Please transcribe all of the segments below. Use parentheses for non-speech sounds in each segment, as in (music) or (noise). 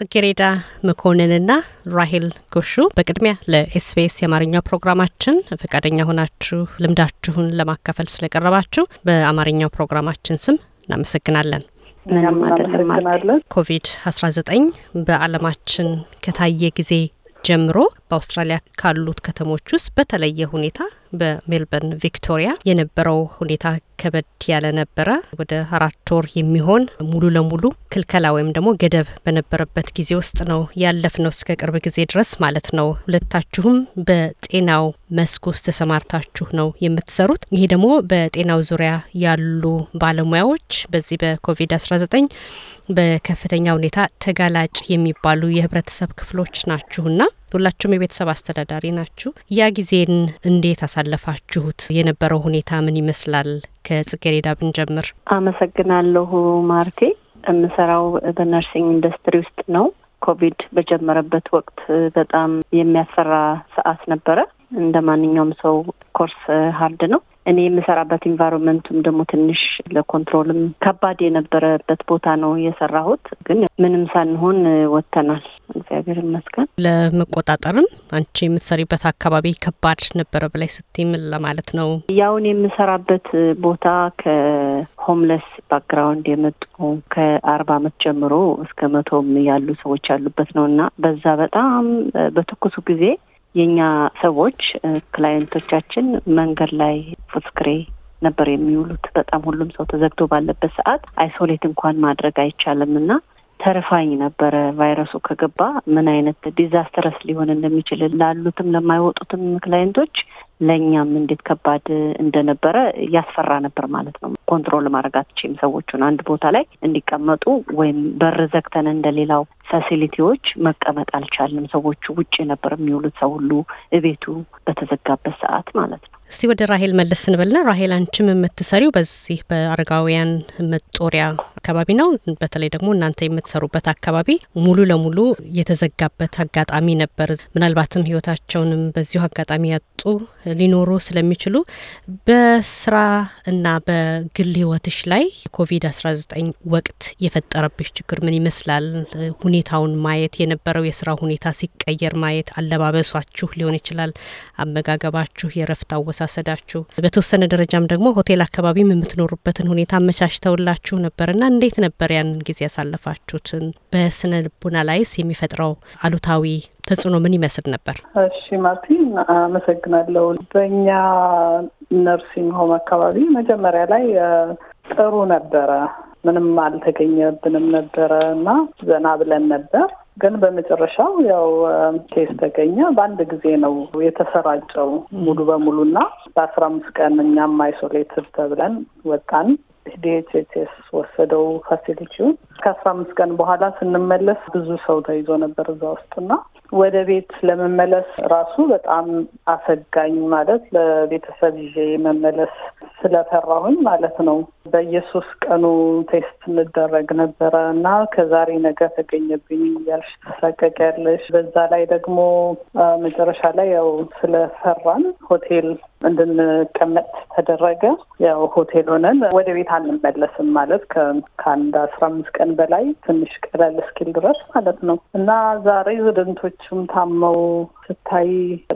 ጽጌሬዳ መኮንንና ራሄል ጎሹ በቅድሚያ ለኤስቢኤስ የአማርኛው ፕሮግራማችን ፈቃደኛ ሆናችሁ ልምዳችሁን ለማካፈል ስለቀረባችሁ በአማርኛው ፕሮግራማችን ስም እናመሰግናለን። ኮቪድ 19 በዓለማችን ከታየ ጊዜ ጀምሮ በአውስትራሊያ ካሉት ከተሞች ውስጥ በተለየ ሁኔታ በሜልበርን ቪክቶሪያ የነበረው ሁኔታ ከበድ ያለ ነበረ። ወደ አራት ወር የሚሆን ሙሉ ለሙሉ ክልከላ ወይም ደግሞ ገደብ በነበረበት ጊዜ ውስጥ ነው ያለፍ ነው እስከ ቅርብ ጊዜ ድረስ ማለት ነው። ሁለታችሁም በጤናው መስክ ውስጥ ተሰማርታችሁ ነው የምትሰሩት። ይሄ ደግሞ በጤናው ዙሪያ ያሉ ባለሙያዎች በዚህ በኮቪድ-19 በከፍተኛ ሁኔታ ተጋላጭ የሚባሉ የህብረተሰብ ክፍሎች ናችሁና ሁላችሁም የቤተሰብ አስተዳዳሪ ናችሁ። ያ ጊዜን እንዴት አሳለፋችሁት? የነበረው ሁኔታ ምን ይመስላል? ከጽጌሬዳ ብንጀምር። አመሰግናለሁ ማርቴ። የምሰራው በነርሲንግ ኢንዱስትሪ ውስጥ ነው። ኮቪድ በጀመረበት ወቅት በጣም የሚያሰራ ሰዓት ነበረ። እንደ ማንኛውም ሰው ኮርስ ሀርድ ነው። እኔ የምሰራበት ኢንቫይሮንመንቱም ደግሞ ትንሽ ለኮንትሮልም ከባድ የነበረበት ቦታ ነው የሰራሁት። ግን ምንም ሳንሆን ወጥተናል። እግዚአብሔር ይመስገን። ለመቆጣጠርም አንቺ የምትሰሪበት አካባቢ ከባድ ነበረ ብላይ ስትም ለማለት ነው። ያውን የምሰራበት ቦታ ከሆምለስ ባክግራውንድ የመጡ ከአርባ አመት ጀምሮ እስከ መቶም ያሉ ሰዎች ያሉበት ነው እና በዛ በጣም በትኩሱ ጊዜ የእኛ ሰዎች ክላይንቶቻችን መንገድ ላይ ፉስክሬ ነበር የሚውሉት። በጣም ሁሉም ሰው ተዘግቶ ባለበት ሰዓት አይሶሌት እንኳን ማድረግ አይቻልም እና ተርፋኝ ነበረ። ቫይረሱ ከገባ ምን አይነት ዲዛስተረስ ሊሆን እንደሚችል ላሉትም ለማይወጡትም ክላይንቶች ለእኛም እንዴት ከባድ እንደነበረ ያስፈራ ነበር ማለት ነው። ኮንትሮል ማድረግ አትችይም። ሰዎቹን አንድ ቦታ ላይ እንዲቀመጡ ወይም በር ዘግተን እንደሌላው ፋሲሊቲዎች መቀመጥ አልቻልንም። ሰዎቹ ውጭ ነበር የሚውሉት፣ ሰው ሁሉ እቤቱ በተዘጋበት ሰዓት ማለት ነው። እስቲ ወደ ራሄል መለስ ስንበልና ራሄል አንችም የምትሰሪው በዚህ በአረጋውያን መጦሪያ አካባቢ ነው። በተለይ ደግሞ እናንተ የምትሰሩበት አካባቢ ሙሉ ለሙሉ የተዘጋበት አጋጣሚ ነበር። ምናልባትም ህይወታቸውንም በዚሁ አጋጣሚ ያጡ ሊኖሩ ስለሚችሉ በስራ እና በግል ህይወትሽ ላይ ኮቪድ አስራ ዘጠኝ ወቅት የፈጠረብሽ ችግር ምን ይመስላል? ሁኔታውን ማየት የነበረው የስራ ሁኔታ ሲቀየር ማየት፣ አለባበሷችሁ ሊሆን ይችላል፣ አመጋገባችሁ፣ የረፍት ያወሳሰዳችሁ? በተወሰነ ደረጃም ደግሞ ሆቴል አካባቢም የምትኖሩበትን ሁኔታ አመቻችተውላችሁ ነበርና እንዴት ነበር ያንን ጊዜ ያሳለፋችሁትን? በስነ ልቡና ላይስ የሚፈጥረው አሉታዊ ተጽዕኖ ምን ይመስል ነበር? እሺ ማርቲን አመሰግናለሁ። በእኛ ነርሲንግ ሆም አካባቢ መጀመሪያ ላይ ጥሩ ነበረ፣ ምንም አልተገኘብንም ነበረ እና ዘና ብለን ነበር። ግን በመጨረሻው ያው ኬስ ተገኘ። በአንድ ጊዜ ነው የተሰራጨው ሙሉ በሙሉ እና በአስራ አምስት ቀን እኛም አይሶሌትድ ተብለን ወጣን። ዲኤችኤችኤስ ወሰደው ፋሲሊቲውን ከአስራ አምስት ቀን በኋላ ስንመለስ ብዙ ሰው ተይዞ ነበር እዛ ውስጥና ወደ ቤት ለመመለስ ራሱ በጣም አሰጋኝ ማለት ለቤተሰብ ይዤ መመለስ ስለፈራሁኝ ማለት ነው። በየሶስት ቀኑ ቴስት እንደረግ ነበረ እና ከዛሬ ነገ ተገኘብኝ እያልሽ ትሳቀቂያለሽ። በዛ ላይ ደግሞ መጨረሻ ላይ ያው ስለፈራን ሆቴል እንድንቀመጥ ተደረገ። ያው ሆቴል ሆነን ወደ ቤት አንመለስም ማለት ከአንድ አስራ አምስት ቀን ቀን በላይ ትንሽ ቀለል እስኪል ድረስ ማለት ነው እና ዛሬ ዝድንቶችም ታመው ስታይ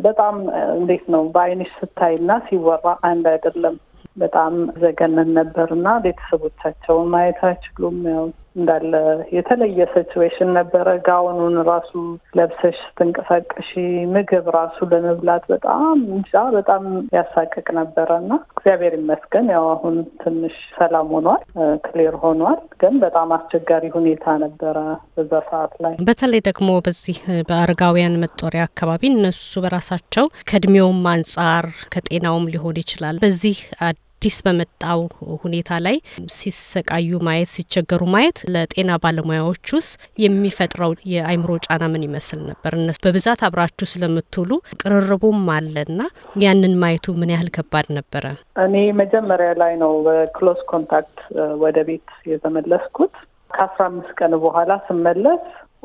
በጣም እንዴት ነው በአይንሽ ስታይ እና ሲወራ አንድ አይደለም። በጣም ዘገነን ነበር እና ቤተሰቦቻቸውን ማየት አይችሉም። ያው እንዳለ የተለየ ሲትዌሽን ነበረ። ጋውኑን ራሱ ለብሰሽ ስትንቀሳቀሺ ምግብ ራሱ ለመብላት በጣም እንጃ በጣም ያሳቅቅ ነበረ እና እግዚአብሔር ይመስገን ያው አሁን ትንሽ ሰላም ሆኗል፣ ክሌር ሆኗል። ግን በጣም አስቸጋሪ ሁኔታ ነበረ በዛ ሰዓት ላይ በተለይ ደግሞ በዚህ በአረጋውያን መጦሪያ አካባቢ እነሱ በራሳቸው ከእድሜውም አንጻር ከጤናውም ሊሆን ይችላል በዚህ አዲስ በመጣው ሁኔታ ላይ ሲሰቃዩ ማየት፣ ሲቸገሩ ማየት ለጤና ባለሙያዎች ውስጥ የሚፈጥረው የአይምሮ ጫና ምን ይመስል ነበር? እነሱ በብዛት አብራችሁ ስለምትውሉ ቅርርቡም አለና ያንን ማየቱ ምን ያህል ከባድ ነበረ? እኔ መጀመሪያ ላይ ነው በክሎስ ኮንታክት ወደ ቤት የተመለስኩት። ከአስራ አምስት ቀን በኋላ ስመለስ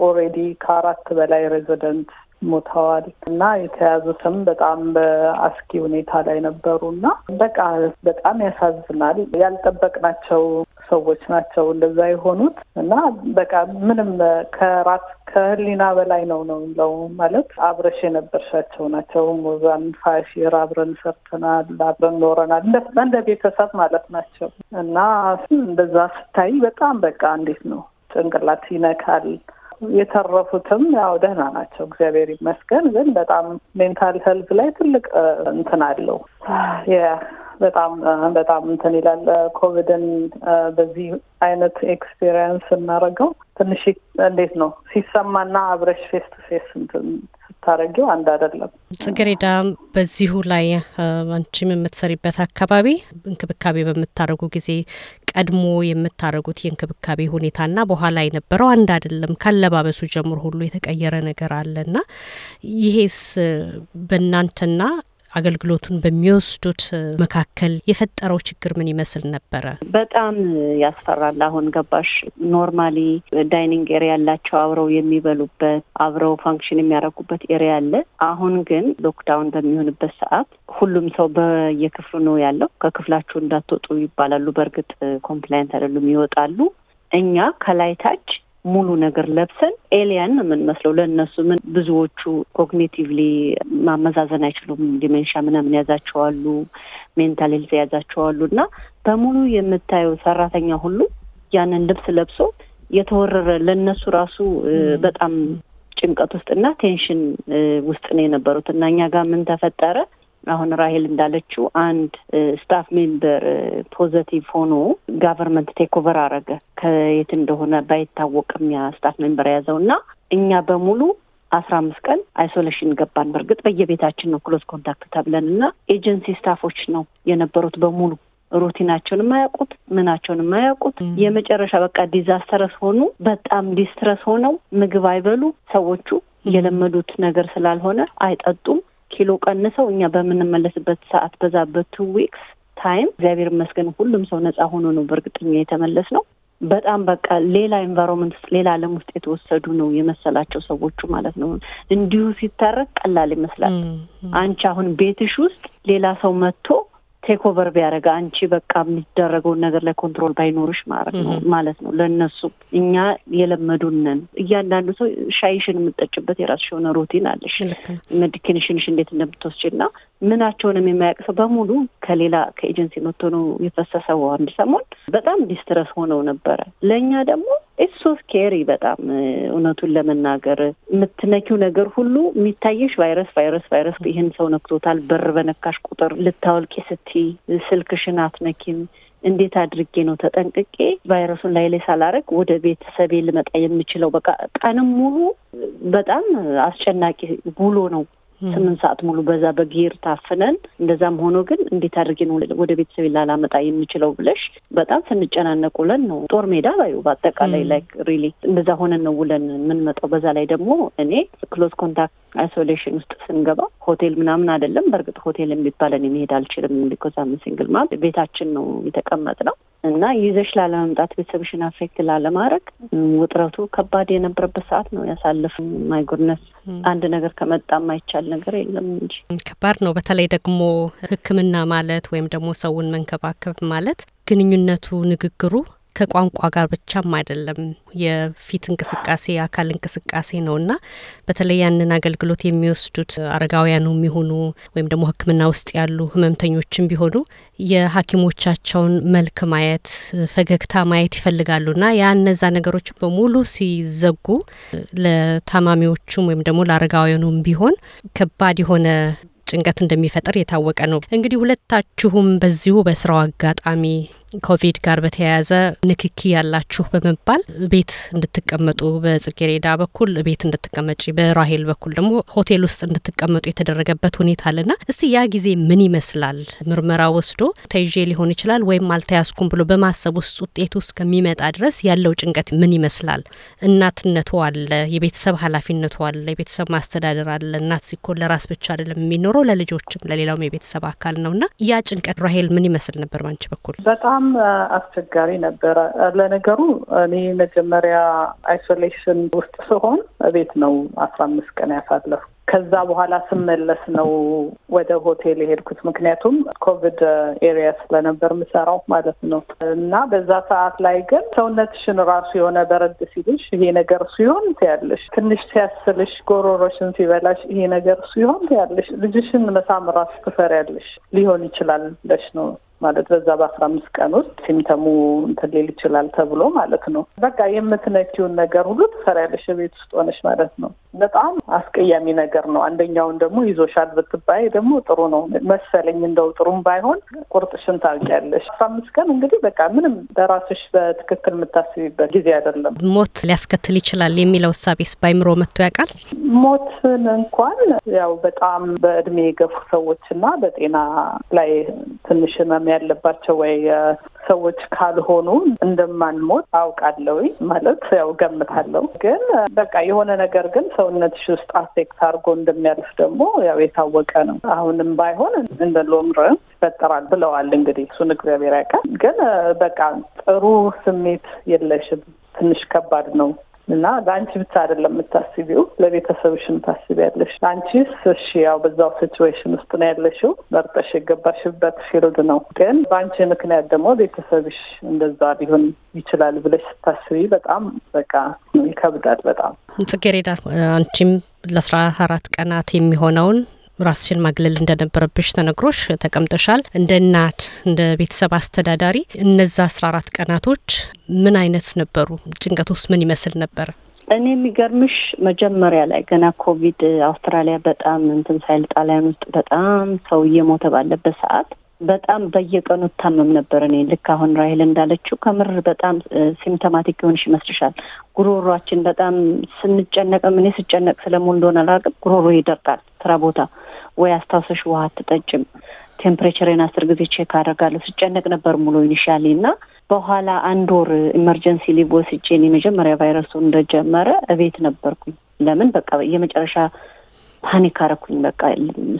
ኦሬዲ ከአራት በላይ ሬዚደንት ሞተዋል እና የተያዙትም በጣም በአስኪ ሁኔታ ላይ ነበሩ እና በቃ በጣም ያሳዝናል። ያልጠበቅናቸው ሰዎች ናቸው እንደዛ የሆኑት እና በቃ ምንም ከራት ከህሊና በላይ ነው ነው ለው ማለት አብረሽ የነበርሻቸው ናቸው። ሞዛን ፋሽር አብረን ሰርተናል፣ አብረን ኖረናል እንደ ቤተሰብ ማለት ናቸው እና እንደዛ ስታይ በጣም በቃ እንዴት ነው ጭንቅላት ይነካል። የተረፉትም ያው ደህና ናቸው፣ እግዚአብሔር ይመስገን። ግን በጣም ሜንታል ሄልዝ ላይ ትልቅ እንትን አለው። በጣም በጣም እንትን ይላል። ኮቪድን በዚህ አይነት ኤክስፔሪየንስ ስናደርገው ትንሽ እንዴት ነው ሲሰማና አብረሽ ፌስ ቱ ፌስ የምታደርጊው አንድ አይደለም። ጽጌሬዳ፣ በዚሁ ላይ አንቺም የምትሰሪበት አካባቢ እንክብካቤ በምታደርጉ ጊዜ ቀድሞ የምታደርጉት የእንክብካቤ ሁኔታና በኋላ የነበረው አንድ አይደለም። ካለባበሱ ጀምሮ ሁሉ የተቀየረ ነገር አለና ይሄስ በእናንተና አገልግሎቱን በሚወስዱት መካከል የፈጠረው ችግር ምን ይመስል ነበረ? በጣም ያስፈራል። አሁን ገባሽ ኖርማሊ ዳይኒንግ ኤሪያ ያላቸው አብረው የሚበሉበት አብረው ፋንክሽን የሚያደርጉበት ኤሪያ አለ። አሁን ግን ሎክዳውን በሚሆንበት ሰዓት ሁሉም ሰው በየክፍሉ ነው ያለው። ከክፍላችሁ እንዳትወጡ ይባላሉ። በእርግጥ ኮምፕላይንት አይደሉም፣ ይወጣሉ። እኛ ከላይ ታች ሙሉ ነገር ለብሰን ኤሊያን የምንመስለው ለእነሱ ምን ብዙዎቹ ኮግኒቲቭሊ ማመዛዘን አይችሉም። ዲሜንሻ ምናምን ያዛቸዋሉ፣ ሜንታል ሄልዝ ያዛቸዋሉ እና በሙሉ የምታየው ሰራተኛ ሁሉ ያንን ልብስ ለብሶ የተወረረ ለእነሱ ራሱ በጣም ጭንቀት ውስጥ እና ቴንሽን ውስጥ ነው የነበሩት እና እኛ ጋር ምን ተፈጠረ? አሁን ራሄል እንዳለችው አንድ ስታፍ ሜምበር ፖዘቲቭ ሆኖ ጋቨርንመንት ቴክኦቨር አረገ። ከየት እንደሆነ ባይታወቅም ያ ስታፍ ሜምበር የያዘው እና እኛ በሙሉ አስራ አምስት ቀን አይሶሌሽን ገባን። በእርግጥ በየቤታችን ነው ክሎዝ ኮንታክት ተብለን እና ኤጀንሲ ስታፎች ነው የነበሩት በሙሉ ሩቲናቸውን የማያውቁት ምናቸውን የማያውቁት የመጨረሻ በቃ ዲዛስተረስ ሆኑ። በጣም ዲስትረስ ሆነው ምግብ አይበሉ ሰዎቹ የለመዱት ነገር ስላልሆነ አይጠጡም። ኪሎ ቀንሰው እኛ በምንመለስበት ሰዓት በዛ በቱ ዊክስ ታይም እግዚአብሔር ይመስገን ሁሉም ሰው ነፃ ሆኖ ነው በእርግጠኛ የተመለስ ነው። በጣም በቃ ሌላ ኤንቫይሮንመንት ውስጥ ሌላ ዓለም ውስጥ የተወሰዱ ነው የመሰላቸው ሰዎቹ ማለት ነው። እንዲሁ ሲታረቅ ቀላል ይመስላል። አንቺ አሁን ቤትሽ ውስጥ ሌላ ሰው መጥቶ ቴክ ኦቨር ቢያደርግ አንቺ በቃ የሚደረገውን ነገር ላይ ኮንትሮል ባይኖርሽ ማለት ነው ማለት ነው። ለእነሱ እኛ የለመዱንን እያንዳንዱ ሰው ሻይሽን የምጠጭበት የራስሽ የሆነ ሩቲን አለሽ፣ ሜዲኬሽንሽ እንዴት እንደምትወስጂና ምናቸውን የማያውቅ ሰው በሙሉ ከሌላ ከኤጀንሲ መጥቶ ነው የፈሰሰው። አንድ ሰሞን በጣም ዲስትረስ ሆነው ነበረ። ለእኛ ደግሞ ኢትስ ሶ ስኬሪ በጣም እውነቱን ለመናገር የምትነኪው ነገር ሁሉ የሚታየሽ ቫይረስ ቫይረስ ቫይረስ ይህን ሰው ነክቶታል። በር በነካሽ ቁጥር ልታወልቂ ስቲ ስልክሽን አትነኪም። እንዴት አድርጌ ነው ተጠንቅቄ ቫይረሱን ላይ ላይ ሳላረግ ወደ ቤተሰቤ ልመጣ የምችለው? በቃ ቀንም ሙሉ በጣም አስጨናቂ ውሎ ነው ስምንት ሰዓት ሙሉ በዛ በጊር ታፍነን። እንደዛም ሆኖ ግን እንዴት አድርጌን ወደ ቤተሰብ ላላመጣ የምችለው ብለሽ በጣም ስንጨናነቅ ውለን ነው ጦር ሜዳ ባዩ በአጠቃላይ ላይክ ሪሊ እንደዛ ሆነን ነው ውለን የምንመጣው። በዛ ላይ ደግሞ እኔ ክሎዝ ኮንታክት አይሶሌሽን ውስጥ ስንገባ ሆቴል ምናምን አይደለም። በእርግጥ ሆቴል የሚባለን መሄድ አልችልም ቢኮዝ አም ሲንግል ማም ቤታችን ነው የተቀመጥ ነው እና ይዘሽ ላለመምጣት ቤተሰብሽን አፌክት ላለማድረግ ውጥረቱ ከባድ የነበረበት ሰዓት ነው ያሳለፍ። ማይጎድነስ አንድ ነገር ከመጣ ማይቻል ነገር የለም እንጂ ከባድ ነው። በተለይ ደግሞ ሕክምና ማለት ወይም ደግሞ ሰውን መንከባከብ ማለት ግንኙነቱ፣ ንግግሩ ከቋንቋ ጋር ብቻም አይደለም፣ የፊት እንቅስቃሴ የአካል እንቅስቃሴ ነው እና በተለይ ያንን አገልግሎት የሚወስዱት አረጋውያኑ የሚሆኑ ወይም ደግሞ ሕክምና ውስጥ ያሉ ህመምተኞችም ቢሆኑ የሐኪሞቻቸውን መልክ ማየት፣ ፈገግታ ማየት እና ያ እነዛ ነገሮች በሙሉ ሲዘጉ ለታማሚዎቹም ወይም ደግሞ ለአረጋውያኑም ቢሆን ከባድ የሆነ ጭንቀት እንደሚፈጥር የታወቀ ነው። እንግዲህ ሁለታችሁም በዚሁ በስራው አጋጣሚ ኮቪድ ጋር በተያያዘ ንክኪ ያላችሁ በመባል ቤት እንድትቀመጡ በጽጌሬዳ በኩል ቤት እንድትቀመጪ፣ በራሄል በኩል ደግሞ ሆቴል ውስጥ እንድትቀመጡ የተደረገበት ሁኔታ አለና እስቲ ያ ጊዜ ምን ይመስላል? ምርመራ ወስዶ ተይዤ ሊሆን ይችላል ወይም አልተያዝኩም ብሎ በማሰብ ውስጥ ውጤቱ እስከሚመጣ ድረስ ያለው ጭንቀት ምን ይመስላል? እናትነቱ አለ፣ የቤተሰብ ኃላፊነቱ አለ፣ የቤተሰብ ማስተዳደር አለ። እናት ሲኮ ለራስ ብቻ አይደለም የሚኖረው ለልጆችም ለሌላውም የቤተሰብ አካል ነውና ያ ጭንቀት ራሄል ምን ይመስል ነበር ባንቺ በኩል? በጣም አስቸጋሪ ነበረ። ለነገሩ እኔ መጀመሪያ አይሶሌሽን ውስጥ ስሆን ቤት ነው አስራ አምስት ቀን ያሳለፍኩ። ከዛ በኋላ ስመለስ ነው ወደ ሆቴል የሄድኩት። ምክንያቱም ኮቪድ ኤሪያ ስለነበር ምሰራው ማለት ነው። እና በዛ ሰዓት ላይ ግን ሰውነትሽን ራሱ የሆነ በረድ ሲልሽ ይሄ ነገር ሲሆን ትያለሽ፣ ትንሽ ሲያስልሽ፣ ጎሮሮሽን ሲበላሽ ይሄ ነገር ሲሆን ትያለሽ፣ ልጅሽን መሳም ራሱ ትፈሪያለሽ። ሊሆን ይችላል ብለሽ ነው ማለት በዛ በአስራ አምስት ቀን ውስጥ ሲምተሙ እንትን ሊል ይችላል ተብሎ ማለት ነው። በቃ የምትነኪውን ነገር ሁሉ ትሰሪያለሽ ቤት ውስጥ ሆነሽ ማለት ነው። በጣም አስቀያሚ ነገር ነው። አንደኛውን ደግሞ ይዞሻል ብትባይ ደግሞ ጥሩ ነው መሰለኝ እንደው ጥሩም ባይሆን ቁርጥሽን ታውቂያለሽ። አስራ አምስት ቀን እንግዲህ በቃ ምንም በራስሽ በትክክል የምታስቢበት ጊዜ አይደለም። ሞት ሊያስከትል ይችላል የሚለው እሳቤስ ባይምሮ መጥቶ ያውቃል? ሞትን እንኳን ያው በጣም በእድሜ የገፉ ሰዎች እና በጤና ላይ ትንሽ ህመም ያለባቸው ወይ ሰዎች ካልሆኑ እንደማንሞት አውቃለሁ። ማለት ያው ገምታለሁ። ግን በቃ የሆነ ነገር ግን ሰውነትሽ ውስጥ አፌክት አድርጎ እንደሚያልፍ ደግሞ ያው የታወቀ ነው። አሁንም ባይሆን እንደ ሎምረን ይፈጠራል ብለዋል። እንግዲህ እሱን እግዚአብሔር ያውቃል። ግን በቃ ጥሩ ስሜት የለሽም። ትንሽ ከባድ ነው እና ለአንቺ ብቻ አይደለም የምታስቢው፣ ለቤተሰብሽም ታስቢያለሽ። አንቺስ እሺ ያው በዛው ሲትዌሽን ውስጥ ነው ያለሽው፣ መርጠሽ የገባሽበት ፊልድ ነው። ግን በአንቺ ምክንያት ደግሞ ቤተሰብሽ እንደዛ ሊሆን ይችላል ብለሽ ስታስቢ በጣም በቃ ይከብዳል። በጣም ጽጌሬዳ አንቺም ለአስራ አራት ቀናት የሚሆነውን ራስሽን ማግለል እንደነበረብሽ ተነግሮሽ ተቀምጠሻል። እንደ እናት እንደ ቤተሰብ አስተዳዳሪ እነዛ አስራ አራት ቀናቶች ምን አይነት ነበሩ? ጭንቀት ውስጥ ምን ይመስል ነበር? እኔ የሚገርምሽ መጀመሪያ ላይ ገና ኮቪድ አውስትራሊያ በጣም እንትን ሳይል ጣሊያን ውስጥ በጣም ሰው እየሞተ ባለበት ሰዓት በጣም በየቀኑ ታመም ነበር። እኔ ልክ አሁን ራሄል እንዳለችው ከምር በጣም ሲምፕቶማቲክ የሆንሽ ይመስልሻል። ጉሮሯችን በጣም ስንጨነቅ፣ እኔ ስጨነቅ ስለሙ እንደሆነ አላውቅም፣ ጉሮሮ ይደርቃል። ስራ ቦታ ወይ አስታውሰሽ ውሃ አትጠጭም። ቴምፕሬቸሬን አስር ጊዜ ቼክ አደርጋለሁ። ስጨነቅ ነበር ሙሉ ኢኒሻሊ እና በኋላ አንድ ወር ኢመርጀንሲ ሊቭ ወስጄ መጀመሪያ ቫይረሱ እንደጀመረ እቤት ነበርኩኝ። ለምን በቃ የመጨረሻ ፓኒክ አረኩኝ። በቃ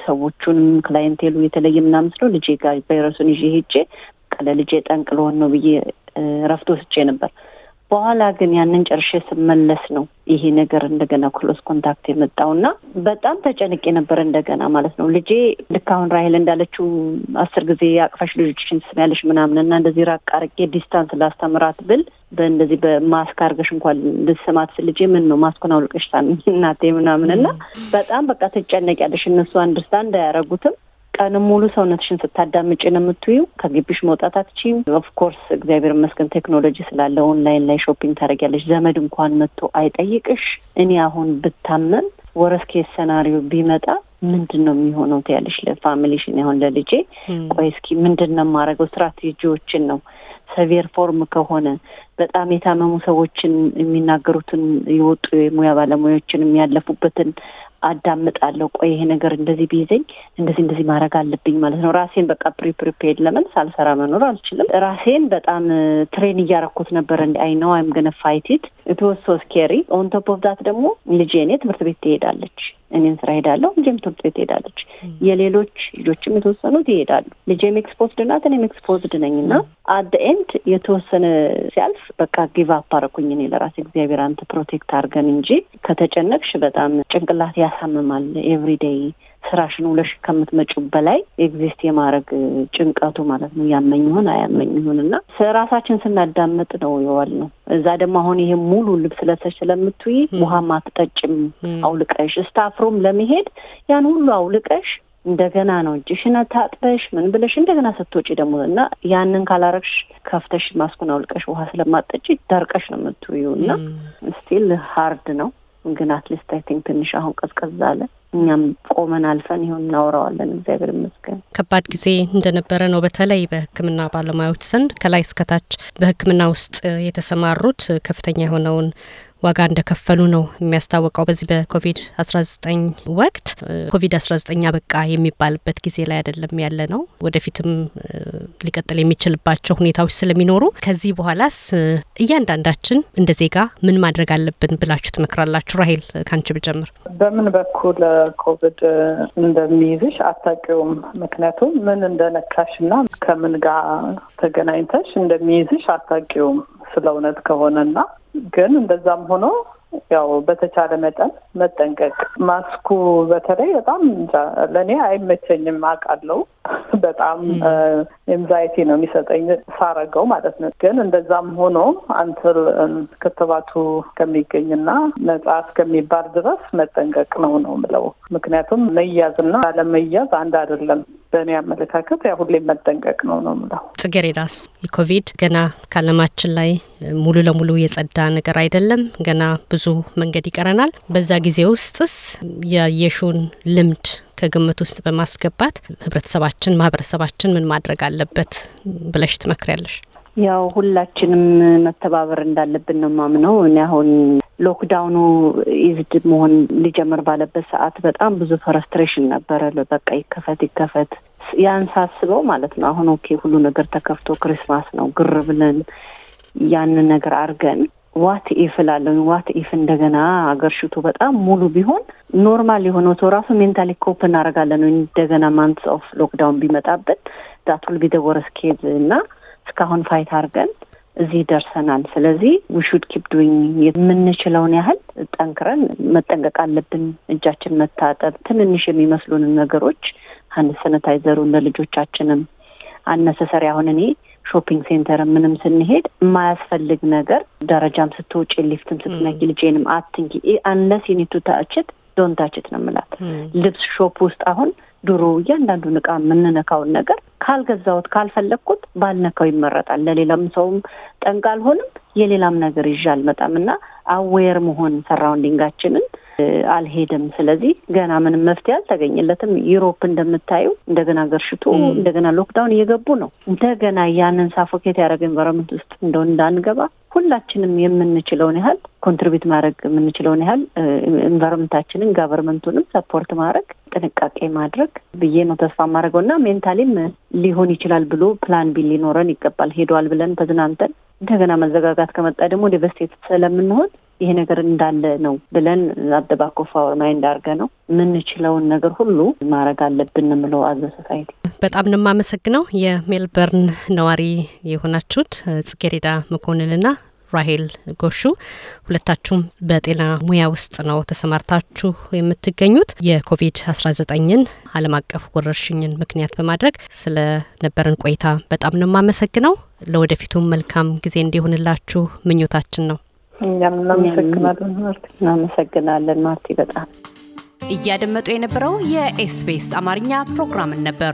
ሰዎቹንም ክላይንቴሉ የተለየ ምናምን ስለው ልጄ ጋር ቫይረሱን ይዤ ሄጄ ቀለ ልጄ ጠንቅ ልሆን ነው ብዬ ረፍቶ ስጬ ነበር። በኋላ ግን ያንን ጨርሼ ስመለስ ነው ይሄ ነገር እንደገና ክሎስ ኮንታክት የመጣው እና በጣም ተጨንቄ ነበር እንደገና ማለት ነው። ልጄ ልክ አሁን ራሄል እንዳለችው አስር ጊዜ አቅፈሽ ልጆችን ስሚያለሽ ምናምን እና እንደዚህ ራቅ አርጌ ዲስታንስ ላስተምራት ብል በእንደዚህ በማስክ አርገሽ እንኳን ልትስማት ስልጅ ምን ነው ማስኩን አውልቀሽ ሳሚኝ እናቴ ምናምን እና በጣም በቃ ትጨነቂያለሽ። እነሱ አንደርስታንድ አያደርጉትም። ቀንም ሙሉ ሰውነትሽን ስታዳምጭ ነው የምትዩ። ከግቢሽ መውጣት አትችም። ኦፍኮርስ እግዚአብሔር ይመስገን ቴክኖሎጂ ስላለ ኦንላይን ላይ ሾፒንግ ታደርጊያለሽ። ዘመድ እንኳን መጥቶ አይጠይቅሽ። እኔ አሁን ብታመም ወረስ ኬስ ሰናሪዮ ቢመጣ ምንድን ነው የሚሆነው ትያለሽ ለፋሚሊሽን። አሁን ለልጄ ቆይ እስኪ ምንድን ነው የማደርገው ስትራቴጂዎችን ነው ሰቪየር ፎርም ከሆነ በጣም የታመሙ ሰዎችን የሚናገሩትን የወጡ የሙያ ባለሙያዎችን የሚያለፉበትን አዳምጣለሁ። ቆይ ይሄ ነገር እንደዚህ ቢይዘኝ እንደዚህ እንደዚህ ማድረግ አለብኝ ማለት ነው። ራሴን በቃ ፕሪፕሪፔድ ፕሪፔድ ለምን ሳልሰራ መኖር አልችልም። ራሴን በጣም ትሬን እያረኩት ነበር። እንዲ አይ ነው አይም ገነ ፋይቲት ኢትወሶ ስኬሪ ኦን ቶፕ ኦፍ ዳት ደግሞ ልጄ እኔ ትምህርት ቤት ትሄዳለች። እኔም ስራ ሄዳለሁ። ልጄም ትምህርት ቤት ትሄዳለች። የሌሎች ልጆችም የተወሰኑት ይሄዳሉ። ልጄም ኤክስፖዝድ ናት፣ እኔም ኤክስፖዝድ ነኝ እና አት ኤንድ ሄድ የተወሰነ ሲያልፍ በቃ ጊቭ አፕ አደረኩኝ እኔ ለራሴ እግዚአብሔር አንተ ፕሮቴክት አድርገን እንጂ ከተጨነቅሽ በጣም ጭንቅላት ያሳምማል ኤቭሪዴይ ስራሽን ውለሽ ከምትመጪው በላይ ኤግዚስት የማድረግ ጭንቀቱ ማለት ነው። ያመኝ ይሆን አያመኝ ይሆን እና ስራሳችን ስናዳመጥ ነው የዋል ነው። እዛ ደግሞ አሁን ይሄ ሙሉ ልብስ ለብሰሽ ስለምትይ ውሃም አትጠጭም አውልቀሽ፣ ስታፍሮም ለመሄድ ያን ሁሉ አውልቀሽ እንደገና ነው እጅሽን ታጥበሽ ምን ብለሽ እንደገና ስትወጪ ደግሞ እና ያንን ካላረግሽ ከፍተሽ ማስኩን አውልቀሽ ውሃ ስለማጠጪ ዳርቀሽ ነው የምትውዩ እና ስቲል ሀርድ ነው። ግን አትሊስት አይ ቲንክ ትንሽ አሁን ቀዝቀዝ አለ። እኛም ቆመን አልፈን ይሁን እናውረዋለን። እግዚአብሔር ይመስገን። ከባድ ጊዜ እንደነበረ ነው። በተለይ በሕክምና ባለሙያዎች ዘንድ ከላይ እስከታች በሕክምና ውስጥ የተሰማሩት ከፍተኛ የሆነውን ዋጋ እንደከፈሉ ነው የሚያስታወቀው። በዚህ በኮቪድ-19 ወቅት ኮቪድ-19 አበቃ የሚባልበት ጊዜ ላይ አይደለም ያለ ነው። ወደፊትም ሊቀጥል የሚችልባቸው ሁኔታዎች ስለሚኖሩ ከዚህ በኋላስ እያንዳንዳችን እንደ ዜጋ ምን ማድረግ አለብን ብላችሁ ትመክራላችሁ? ራሄል ከአንቺ ብጀምር። በምን በኩል ኮቪድ እንደሚይዝሽ አታውቂውም። ምክንያቱም ምን እንደነካሽ እና ከምን ጋር ተገናኝተሽ እንደሚይዝሽ አታውቂውም ስለ እውነት ከሆነና ግን እንደዛም ሆኖ ያው በተቻለ መጠን መጠንቀቅ ማስኩ በተለይ በጣም ለእኔ አይመቸኝም። አውቃለሁ (laughs) በጣም ኤንዛይቲ ነው የሚሰጠኝ ሳረገው ማለት ነው። ግን እንደዛም ሆኖ አንትል ክትባቱ ከሚገኝና ነጻ እስከሚባል ድረስ መጠንቀቅ ነው ነው ምለው። ምክንያቱም መያዝና አለመያዝ አንድ አይደለም። በእኔ አመለካከት ያ ሁሌም መጠንቀቅ ነው ነው የምለው። ጽጌሬዳስ የኮቪድ ገና ከዓለማችን ላይ ሙሉ ለሙሉ የጸዳ ነገር አይደለም። ገና ብዙ መንገድ ይቀረናል። በዛ ጊዜ ውስጥስ የየሹን ልምድ ከግምት ውስጥ በማስገባት ህብረተሰባችን፣ ማህበረሰባችን ምን ማድረግ አለበት ብለሽ ትመክሪያለሽ? ያው ሁላችንም መተባበር እንዳለብን ነው ማምነው። እኔ አሁን ሎክዳውኑ ኢዝድ መሆን ሊጀምር ባለበት ሰዓት በጣም ብዙ ፈረስትሬሽን ነበረ። በቃ ይከፈት ይከፈት ያን ሳስበው ማለት ነው። አሁን ኦኬ ሁሉ ነገር ተከፍቶ ክሪስማስ ነው ግር ብለን ያንን ነገር አድርገን ዋት ኢፍ እላለሁ። ዋት ኢፍ እንደገና አገር ሽቱ በጣም ሙሉ ቢሆን ኖርማል የሆነው ሰው ራሱ ሜንታሊ ኮፕ እናደርጋለን። እንደገና ማንት ኦፍ ሎክዳውን ቢመጣበት ዛት ዊል ቢ ዘ ወርስት ኬዝ እና እስካሁን ፋይት አድርገን እዚህ ደርሰናል። ስለዚህ ውሹድ ኪፕ ዱኝ የምንችለውን ያህል ጠንክረን መጠንቀቅ አለብን። እጃችን መታጠብ፣ ትንንሽ የሚመስሉንን ነገሮች ሀንድ ሰነታይዘሩን ለልጆቻችንም አነሰሰሪ አሁን እኔ ሾፒንግ ሴንተር ምንም ስንሄድ የማያስፈልግ ነገር ደረጃም ስትወጪ ሊፍትም ስትነጊ ልጄንም አትንኪ አንለስ ዩኒቱ ታችት ዶንታችት ነው የምላት። ልብስ ሾፕ ውስጥ አሁን ድሮ እያንዳንዱን እቃ የምንነካውን ነገር ካልገዛሁት ካልፈለግኩት ባልነካው ይመረጣል። ለሌላም ሰውም ጠንቅ አልሆንም፣ የሌላም ነገር ይዤ አልመጣም እና አዌር መሆን ሰራውንዲንጋችንን አልሄድም። ስለዚህ ገና ምንም መፍትሄ አልተገኘለትም። ዩሮፕ እንደምታዩ እንደገና ገርሽቶ እንደገና ሎክዳውን እየገቡ ነው። እንደገና ያንን ሳፎኬት ያደረገ ኤንቫይሮንመንት ውስጥ እንደው እንዳንገባ ሁላችንም የምንችለውን ያህል ኮንትሪቢዩት ማድረግ የምንችለውን ያህል ኤንቫይሮንመንታችንን፣ ጋቨርንመንቱንም ሰፖርት ማድረግ ጥንቃቄ ማድረግ ብዬ ነው ተስፋ የማደርገው እና ሜንታሊም ሊሆን ይችላል ብሎ ፕላን ቢ ሊኖረን ይገባል። ሄደዋል ብለን ተዝናንተን እንደገና መዘጋጋት ከመጣ ደግሞ ዴቨስቴት ስለምንሆን ይሄ ነገር እንዳለ ነው ብለን አደባኮፋ ማይ እንዳርገ ነው የምንችለውን ነገር ሁሉ ማድረግ አለብን ምለው አዘ ሶሳይቲ በጣም ነው የማመሰግነው የሜልበርን ነዋሪ የሆናችሁት ጽጌሬዳ መኮንንና ራሄል ጎሹ ሁለታችሁም በጤና ሙያ ውስጥ ነው ተሰማርታችሁ የምትገኙት። የኮቪድ 19ን ዓለም አቀፍ ወረርሽኝን ምክንያት በማድረግ ስለነበረን ቆይታ በጣም ነው የማመሰግነው። ለወደፊቱም መልካም ጊዜ እንዲሆንላችሁ ምኞታችን ነው። እኛም እናመሰግናለን ማርቲ። በጣም እያደመጡ የነበረው የኤስቢኤስ አማርኛ ፕሮግራምን ነበር።